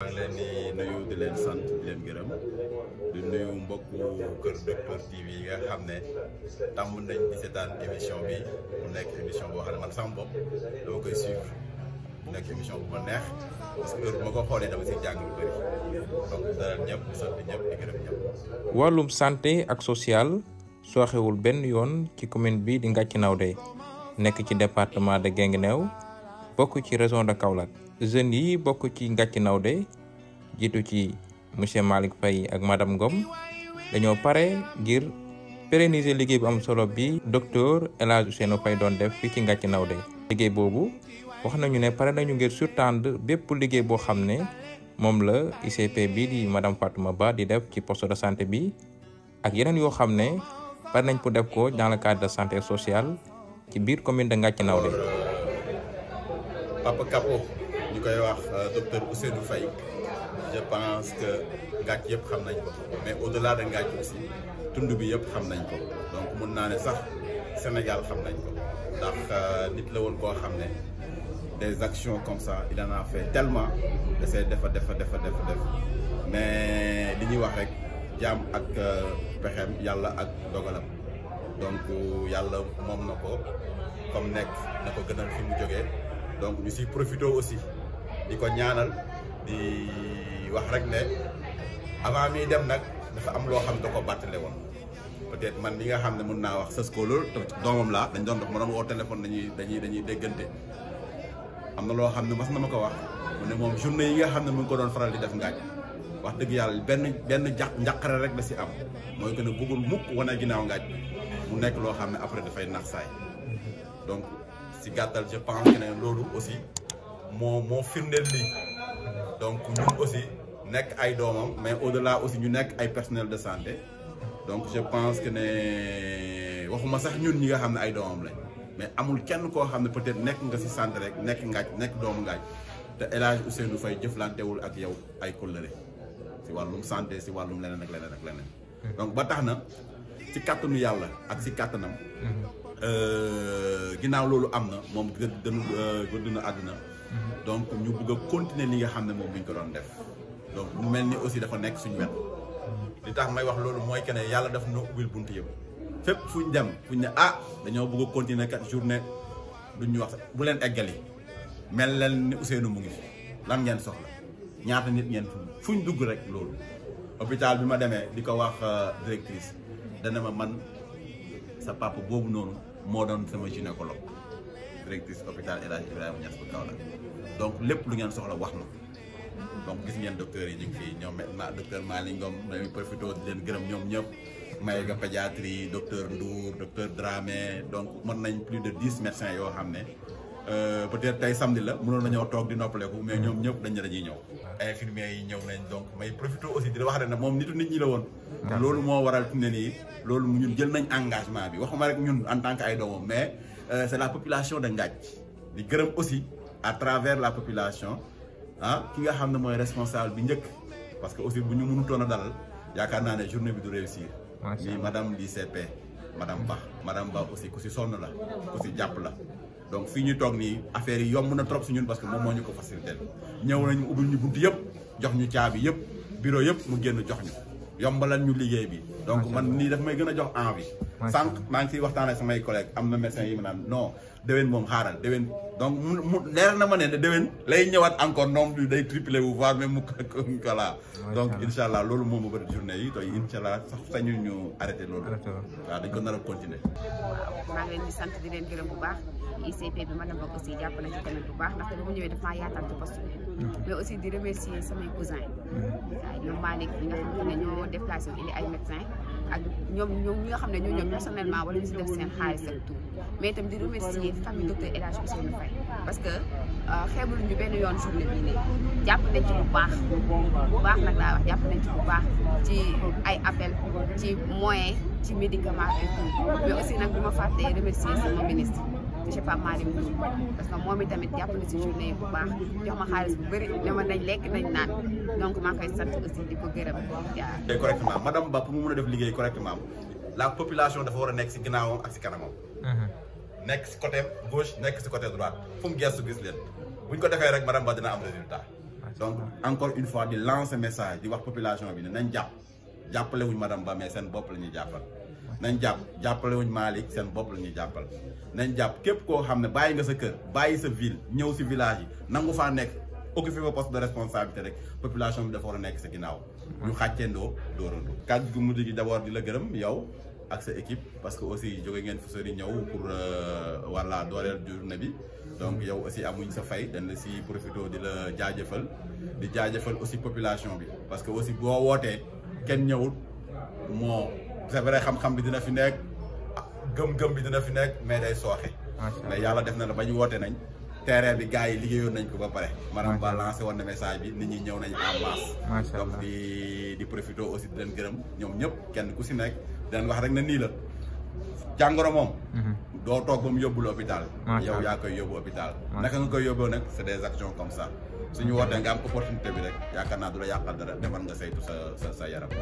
maa ngi leen di nuyu di leen sant wàllum santé ak social sooxewul benn yoon ci commune bi di Ngathie Nawde nekk ci département de Guinguinéo bokk ci région de Kaolack. jeunes yi bokk ci Ngathie de jiitu ci monsieur Malick Faye ak madam Ngom dañoo pare ngir pérenniser liggéey bu am solo bi docteur El Hadj Ousseynou doon def fii ci Ngathie Nawde liggéey boobu wax nañu ne pare nañu ngir surtendre bépp liggéey boo xam ne moom la ICP bi di madame Fatouma Ba di def ci poste de santé bi ak yeneen yoo xam ne pare nañ ko def ko dans le de santé sociale ci biir commune de Ngathie Nawde Papa Kapo ñu koy wax euh, docteur Ousseynou Faye je pense que Ngathie yëpp xam nañ ko mais au-delà de Ngathie aussi tund bi yëpp xam nañ ko donc mun naa ne sax Sénégal xam nañ ko ndax euh, nit la woon koo xam ne des actions comme ça il en a fait tellement de ces defa defa defa defa def mais li ñuy wax rek jaam ak euh, pexem yàlla ak dogalam donc yàlla moom na ko comme nekk na ko gënal fi mu jógee donc ñu siy profité aussi di ko ñaanal di wax rek ne avant mi dem nag dafa am loo xam da ko bàttale woon peut-être man li nga xam ne mën naa wax sës ko loolu te doomam laa dañ doon dox ma doon woo téléphone dañuy dañuy dañuy déggante am na loo xam ne mas na ma wax mu ne moom journée yi nga xam ne ko doon faral di def ngaaj wax dëgg yàlla benn benn jàq njàqare rek la si am mooy que ne bëggul mukk wane ginnaaw ngaaj mu nekk loo xam ne après dafay nax saay donc si gàttal je pense que ne aussi mon moo firndeel donc ñun aussi nek ay domam mais au-delà aussi ñu nek ay personnel de santé donc je pense que ne waxuma sax ñun ñi nga xamné ay domam lañ mais amul kenn ko xamné peut-être nek nga ci santé rek nek ngaaj nek doomu ngaj te élage Hadj Ousseynou Faye jëflantewul ak yow ay kóllëre ci walum santé ci walum lénen ak lénen ak lénen donc ba taxna ci kàttanu yalla ak ci katanam mhm. euh loolu lolu amna mom gë gën gëdd na àdduna. donc ñu bugg a continuer li nga xam ne moom lañ ko doon def donc mu mel ni aussi dafa nekk suñu wet li tax may wax loolu mooy que yàlla daf na ubbil bunt yëpp fépp fu ñu dem fu ñu ne ah dañoo bugg a continuer kat journée duñ ñu wax bu leen eggali mel leen ni Ousseynou mu ngi fi lan ngeen soxla ñaata nit ngeen fu ñu dugg rek loolu. hôpital bi ma demee di ko wax euh, directrice dana ma man sa papa boobu noonu moo doon sama gynécologue. directrice hôpital El Hadj Ibrahima Niass bu Kaolack donc lépp lu ngeen soxla wax na donc gis ngeen docteurs yi ñu ngi fii ñoom maintenant docteur Malick Ngom dañuy profité di leen gërëm ñoom ñëpp may ga pédiatrie docteur Ndour docteur Dramé donc mën nañ plus de dix médecins yoo xam ne euh, peut-être tey samedi la mënoon nañoo toog di noppaleku mais ñoom ñëpp dañ dañuy ñëw infirmiers yi ñëw nañ donc may profité aussi di wax ne moom nitu nit ñi la woon loolu moo waral fi nii loolu ñun jël nañ engagement bi waxuma rek ñun en tant ay doomam Euh, c'est la population de Ngadj. di gërëm aussi à travers la population ah ki nga xam ne responsable bi njëkk parce que aussi bu ñu mënutoon a dalal yaakaar naa journée bi du réussir. macha madame l'ICP madame Ba madame Ba aussi ku si là, la ku si jàpp la. donc fii ñu ni affaire yi yomb na trop si ñun parce que mo mo ñuko ko facilité ñëw nañu ubul ñu buntu yépp jox ñu caabi yépp bureau yépp mu génn jox ñu. yombalal ñu liggéey bi donc man nii daf may gën a jox envie sànq maa ngi ciy waxtaan ak samay collègues am na médecin yi ma naan non moom xaaral déwén donc mu leer na ma ne déwén lay ñëwaat encore nombre bi day triplé wu voire même mu voilà donc loolu moom ma bëri journée yi tey insha allah sax sañu a continuer na bokk aussi jàpp na ci tamit yaatal ci mhm. mais aussi di remercier samay cousin demoon déplacé wu indi ay médecin ak ñoom ñoom ñi nga xam ne ñoo ñoom personnellement wala ñu si def seen xaalis ak tout mais itam di remercier famille docteur El Hadj Ousseynou Faye parce que euh, xeebulu ñu benn yoon journée bii nii jàpp nañ ci bu baax bu baax nag laa wax jàpp nañ ci bu baax ci ay appel ci moyen ci médicament et tout mais aussi nag bu ma fàttee remercier sama ministre monsieur pas Malick parce que moi, tamit jàpp na si journée bu baax jox ma xaalis bu bari dama ma nañ lekk nañ naan donc ma koy sant aussi diko ko gërëm jaay. correctement madame Ba pour mu mën def liggéey correctement la population dafa wara nek ci ginaaw ak ci kanamam. Mhm. nek ci côté gauche nek ci côté droite fu mu gestu gis len buñ ko defee rek madame Ba dina am résultat. donc encore une fois di lancer message di wax population bi ne nañ japp jappalé wuñ madame Ba mais sen bop lañu jappal nañ jàpp jàppale wuñ Malick seen bopp la ñuy jàppal nañ jàpp képp koo xam ne bàyyi nga sa kër bàyyi sa ville ñëw si village yi nangu faa nekk occupé ba poste de responsabilité rek population bi dafa war a nekk sa ginaaw ñu xàcceendoo dóorandoo. kàddu gu mujj gi d' abord di la gërëm yow ak sa équipe parce que aussi jóge ngeen fu sori ñëw pour walla euh, dooleel journée bi donc yow aussi amuñ sa fay dañ la si profité di la jaajëfal di jaajëfal aussi population bi parce que aussi boo wootee kenn ñëwul moo. c'est vrai xam-xam bi dina fi nekk gëm-gëm bi dina fi nekk mais day sooxe mais yàlla def na la ba ñu woote nañ terrain bi gars yi liggéeyoon nañ ko ba pare maanaam ba lancé woon ne message bi nit ñi ñëw nañ en masse di di profité aussi di leen gërëm ñoom ñëpp kenn ku si nekk di wax rek na nii la jàngoro moom mhm. doo toog ba mu yóbbu yow yaa koy yóbbu hôpital naka nga koy yóbboo nag c'est des actions comme ça suñu wootee nga am opportunité bi rek yaakaar naa du la dara defar nga saytu sa sa sa yaram